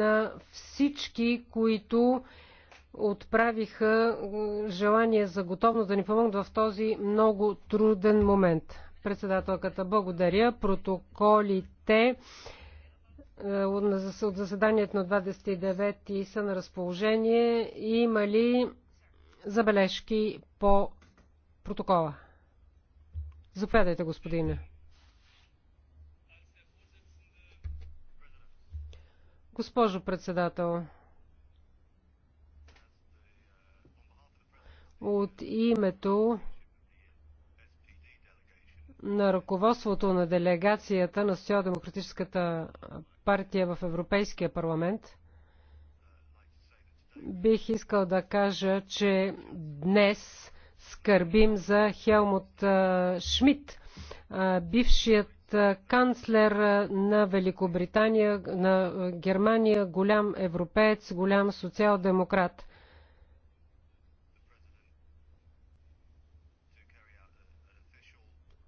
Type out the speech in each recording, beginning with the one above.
на всички, които отправиха желание за готовност да ни помогнат в този много труден момент. Председателката, благодаря. Протоколите е, от заседанието на 29 са на разположение. Има ли забележки по протокола? Заповядайте, господине. Госпожо председател, от името на ръководството на делегацията на Социал-демократическата партия в Европейския парламент, бих искал да кажа, че днес скърбим за Хелмут Шмидт, бившият канцлер на Великобритания, на Германия, голям европеец, голям социал-демократ.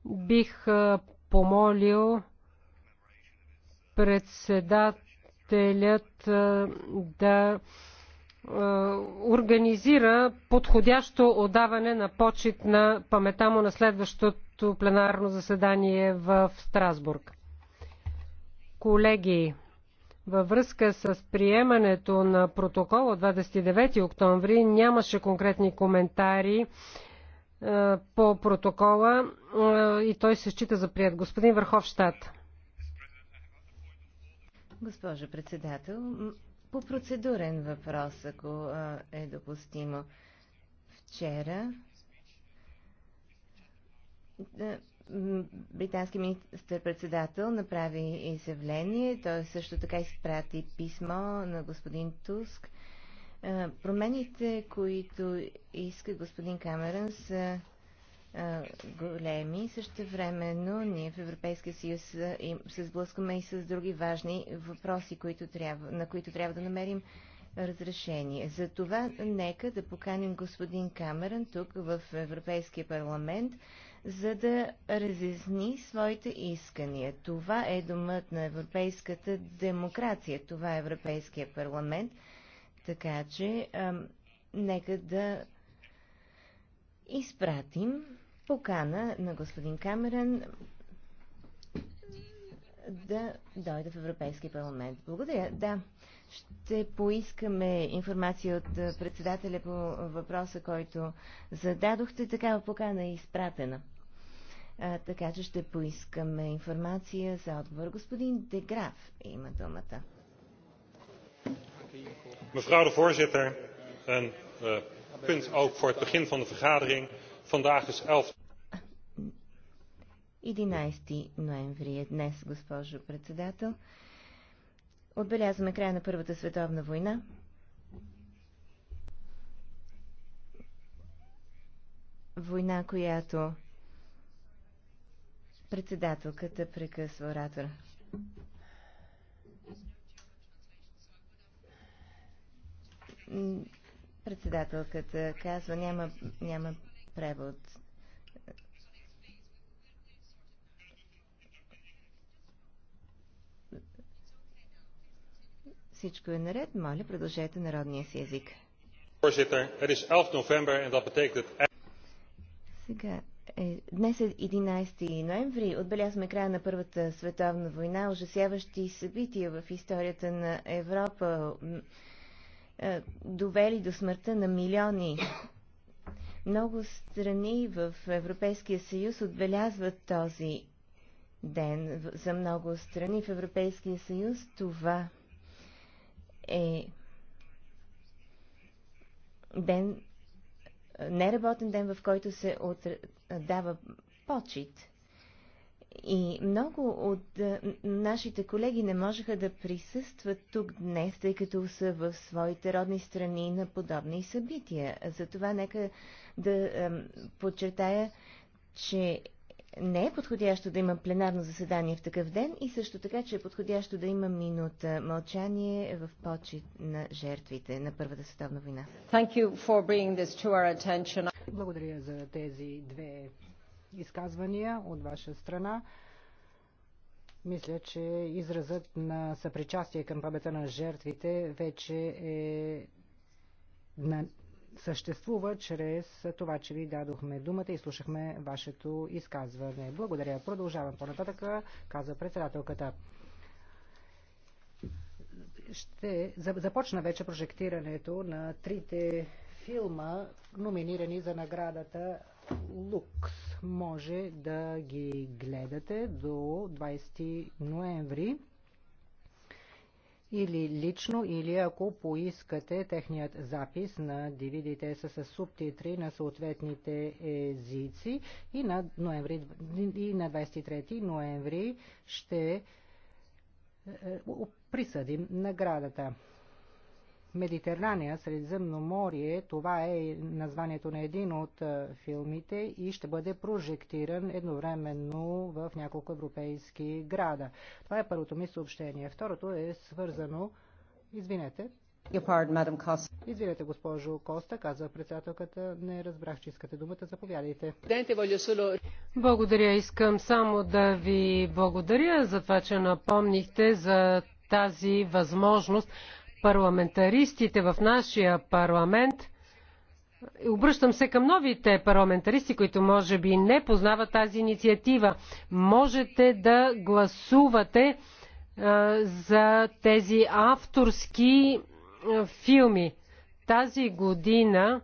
Бих помолил председателят да организира подходящо отдаване на почет на памета му на следващото следващото пленарно заседание в Страсбург. Колеги, във връзка с приемането на протокол от 29 октомври нямаше конкретни коментари е, по протокола е, и той се счита за прият. Господин Върховщад. Госпожо председател, по процедурен въпрос, ако е, е допустимо. Вчера е, британски министър-председател направи изявление. Той също така изпрати писмо на господин Туск. Е, промените, които иска господин Камерън, са е, големи. Също времено ние в Европейския съюз се сблъскаме и с други важни въпроси, които трябва, на които трябва да намерим разрешение. За това нека да поканим господин Камерън тук в Европейския парламент, за да разясни своите искания. Това е домът на европейската демокрация, това е Европейския парламент, така че а, нека да изпратим покана на господин Камерен да дойде в Европейския парламент. Благодаря. Да, ще поискаме информация от председателя по въпроса, който зададохте. Такава покана е изпратена. А, така че ще поискаме информация за отговор. Господин Деграф има думата. Mevrouw de voorzitter, een uh, punt ook voor het begin van de vergadering. Vandaag is 11. 11 ноември е днес, госпожо председател. Отбелязваме края на Първата световна война. Война, която Председателката прекъсва оратора. Председателката казва, няма, няма превод. Всичко е наред. Моля, продължете народния си език. Сега е, днес е 11 ноември. Отбелязваме края на Първата световна война, ужасяващи събития в историята на Европа, е, довели до смъртта на милиони. Много страни в Европейския съюз отбелязват този ден. За много страни в Европейския съюз това е ден, е, неработен ден, в който се отр дава почет. И много от е, нашите колеги не можеха да присъстват тук днес, тъй като са в своите родни страни на подобни събития. Затова нека да подчертая, че не е подходящо да има пленарно заседание в такъв ден и също така, че е подходящо да има минута мълчание в почет на жертвите на Първата световна война. Благодаря за тези две изказвания от ваша страна. Мисля, че изразът на съпричастие към пабета на жертвите вече е на... съществува чрез това, че ви дадохме думата и слушахме вашето изказване. Благодаря. Продължавам по-нататък, каза председателката. Ще започна вече прожектирането на трите филма, номинирани за наградата Лукс. Може да ги гледате до 20 ноември или лично, или ако поискате техният запис на DVD-те с субтитри на съответните езици и на, ноември, и на 23 ноември ще е, е, присъдим наградата. Медитерания, море, това е названието на един от филмите и ще бъде прожектиран едновременно в няколко европейски града. Това е първото ми съобщение. Второто е свързано... Извинете. Извинете, госпожо Коста, каза председателката. Не разбрах, че искате думата. Заповядайте. Благодаря. Искам само да ви благодаря за това, че напомнихте за тази възможност парламентаристите в нашия парламент – Обръщам се към новите парламентаристи, които може би не познават тази инициатива. Можете да гласувате за тези авторски филми. Тази година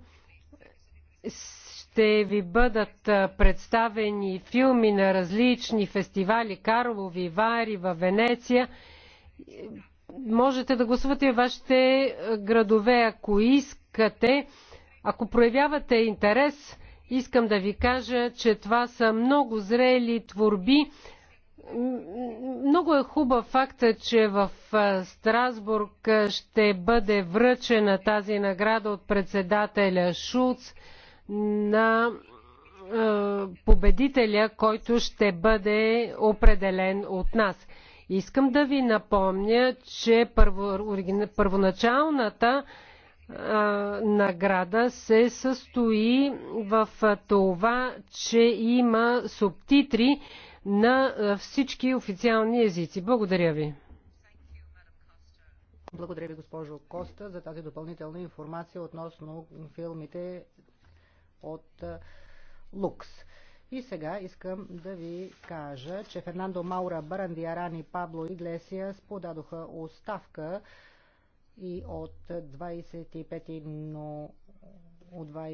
ще ви бъдат представени филми на различни фестивали Карлови, Вари, във Венеция можете да гласувате вашите е, градове, ако искате. Ако проявявате интерес, искам да ви кажа, че това са много зрели творби. Много е хубав факта, че в е, Страсбург е, ще бъде връчена тази награда от председателя Шулц на победителя, който ще бъде определен от нас. Искам да ви напомня, че първо, първоначалната награда се състои в това, че има субтитри на всички официални езици. Благодаря ви. Благодаря ви, госпожо Коста, за тази допълнителна информация относно филмите от Лукс. И сега искам да ви кажа, че Фернандо Маура Барандиаран и Пабло Иглесиас подадоха оставка и от 25 но от 25